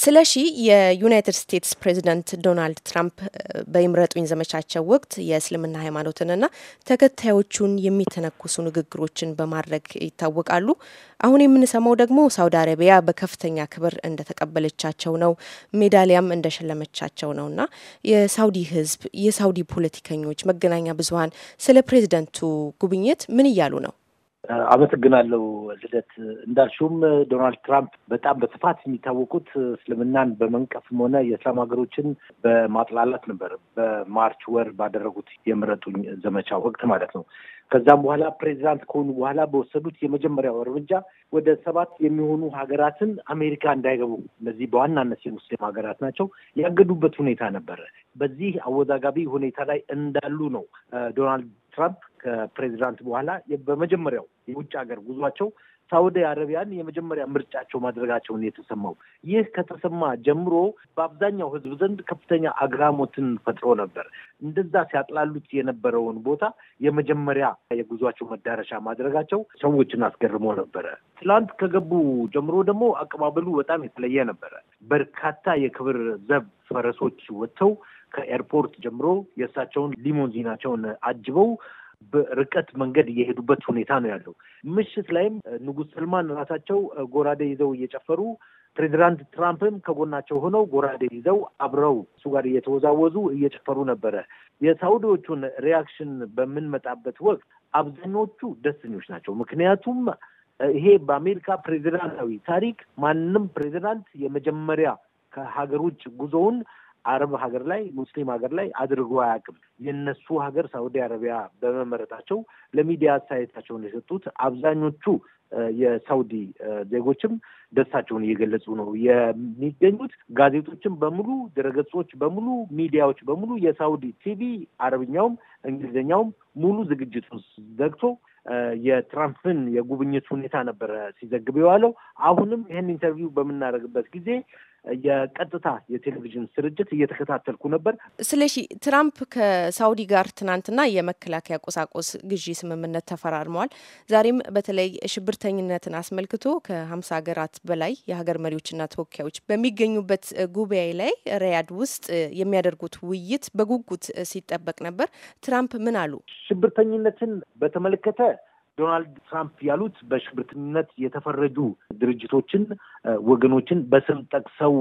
ስለሺ የዩናይትድ ስቴትስ ፕሬዚደንት ዶናልድ ትራምፕ በይምረጡኝ ዘመቻቸው ወቅት የእስልምና ሃይማኖትንና ተከታዮቹን የሚተነኩሱ ንግግሮችን በማድረግ ይታወቃሉ። አሁን የምንሰማው ደግሞ ሳውዲ አረቢያ በከፍተኛ ክብር እንደተቀበለቻቸው ነው፣ ሜዳሊያም እንደሸለመቻቸው ነው እና የሳውዲ ህዝብ የሳውዲ ፖለቲከኞች፣ መገናኛ ብዙሀን ስለ ፕሬዚደንቱ ጉብኝት ምን እያሉ ነው? አመሰግናለሁ ልደት። እንዳልሹም ዶናልድ ትራምፕ በጣም በስፋት የሚታወቁት እስልምናን በመንቀፍም ሆነ የእስላም ሀገሮችን በማጥላላት ነበር በማርች ወር ባደረጉት የምረጡኝ ዘመቻ ወቅት ማለት ነው። ከዛም በኋላ ፕሬዚዳንት ከሆኑ በኋላ በወሰዱት የመጀመሪያው እርምጃ ወደ ሰባት የሚሆኑ ሀገራትን አሜሪካ እንዳይገቡ እነዚህ በዋናነት የሙስሊም ሀገራት ናቸው ያገዱበት ሁኔታ ነበረ። በዚህ አወዛጋቢ ሁኔታ ላይ እንዳሉ ነው ዶናልድ ትራምፕ ከፕሬዚዳንት በኋላ በመጀመሪያው የውጭ ሀገር ጉዟቸው ሳውዲ አረቢያን የመጀመሪያ ምርጫቸው ማድረጋቸውን የተሰማው ይህ ከተሰማ ጀምሮ በአብዛኛው ህዝብ ዘንድ ከፍተኛ አግራሞትን ፈጥሮ ነበር። እንደዛ ሲያጥላሉት የነበረውን ቦታ የመጀመሪያ የጉዟቸው መዳረሻ ማድረጋቸው ሰዎችን አስገርሞ ነበረ። ትላንት ከገቡ ጀምሮ ደግሞ አቀባበሉ በጣም የተለየ ነበረ። በርካታ የክብር ዘብ ፈረሶች ወጥተው ከኤርፖርት ጀምሮ የእሳቸውን ሊሞንዚናቸውን አጅበው በርቀት መንገድ እየሄዱበት ሁኔታ ነው ያለው። ምሽት ላይም ንጉስ ሰልማን ራሳቸው ጎራዴ ይዘው እየጨፈሩ ፕሬዚዳንት ትራምፕም ከጎናቸው ሆነው ጎራዴ ይዘው አብረው እሱ ጋር እየተወዛወዙ እየጨፈሩ ነበረ። የሳውዲዎቹን ሪያክሽን በምንመጣበት ወቅት አብዛኞቹ ደስተኞች ናቸው። ምክንያቱም ይሄ በአሜሪካ ፕሬዚዳንታዊ ታሪክ ማንም ፕሬዚዳንት የመጀመሪያ ከሀገር ውጭ ጉዞውን አረብ ሀገር ላይ ሙስሊም ሀገር ላይ አድርጎ አያውቅም። የነሱ ሀገር ሳውዲ አረቢያ በመመረጣቸው ለሚዲያ አስተያየታቸውን የሰጡት አብዛኞቹ የሳውዲ ዜጎችም ደስታቸውን እየገለጹ ነው የሚገኙት። ጋዜጦችም በሙሉ ድረገጾች በሙሉ ሚዲያዎች በሙሉ የሳውዲ ቲቪ አረብኛውም እንግሊዝኛውም ሙሉ ዝግጅቱ ዘግቶ የትራምፕን የጉብኝት ሁኔታ ነበረ ሲዘግብ የዋለው። አሁንም ይህን ኢንተርቪው በምናደርግበት ጊዜ የቀጥታ የቴሌቪዥን ስርጭት እየተከታተልኩ ነበር። ስለሺ ትራምፕ ከሳውዲ ጋር ትናንትና የመከላከያ ቁሳቁስ ግዢ ስምምነት ተፈራርመዋል። ዛሬም በተለይ ሽብር ሽብርተኝነትን አስመልክቶ ከ ሀገራት በላይ የሀገር መሪዎችና ተወካዮች በሚገኙበት ጉባኤ ላይ ሪያድ ውስጥ የሚያደርጉት ውይይት በጉጉት ሲጠበቅ ነበር። ትራምፕ ምን አሉ? ሽብርተኝነትን በተመለከተ ዶናልድ ትራምፕ ያሉት በሽብርተኝነት የተፈረጁ ድርጅቶችን ወገኖችን በስም ጠቅሰው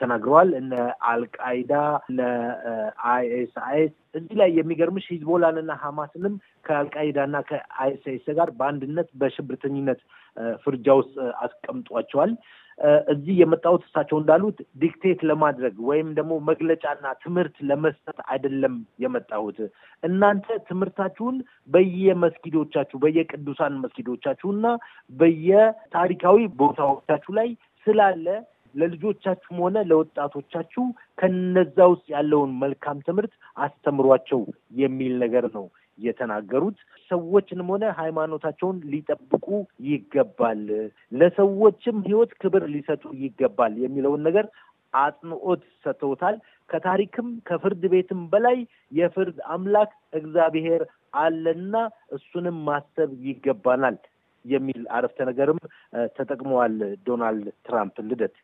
ተናግረዋል። እነ አልቃይዳ፣ እነ እዚህ ላይ የሚገርምሽ ሂዝቦላንና ሀማስንም ከአልቃይዳና ከአይኤስአይስ ጋር በአንድነት በሽብርተኝነት ፍርጃ ውስጥ አስቀምጧቸዋል። እዚህ የመጣሁት እሳቸው እንዳሉት ዲክቴት ለማድረግ ወይም ደግሞ መግለጫና ትምህርት ለመስጠት አይደለም የመጣሁት። እናንተ ትምህርታችሁን በየመስጊዶቻችሁ በየቅዱሳን እና በየታሪካዊ ቦታዎቻችሁ ላይ ስላለ ለልጆቻችሁም ሆነ ለወጣቶቻችሁ ከነዛ ውስጥ ያለውን መልካም ትምህርት አስተምሯቸው የሚል ነገር ነው የተናገሩት ሰዎችንም ሆነ ሃይማኖታቸውን ሊጠብቁ ይገባል፣ ለሰዎችም ህይወት ክብር ሊሰጡ ይገባል የሚለውን ነገር አጽንኦት ሰጥተውታል። ከታሪክም ከፍርድ ቤትም በላይ የፍርድ አምላክ እግዚአብሔር አለና እሱንም ማሰብ ይገባናል የሚል አረፍተ ነገርም ተጠቅመዋል ዶናልድ ትራምፕ ልደት።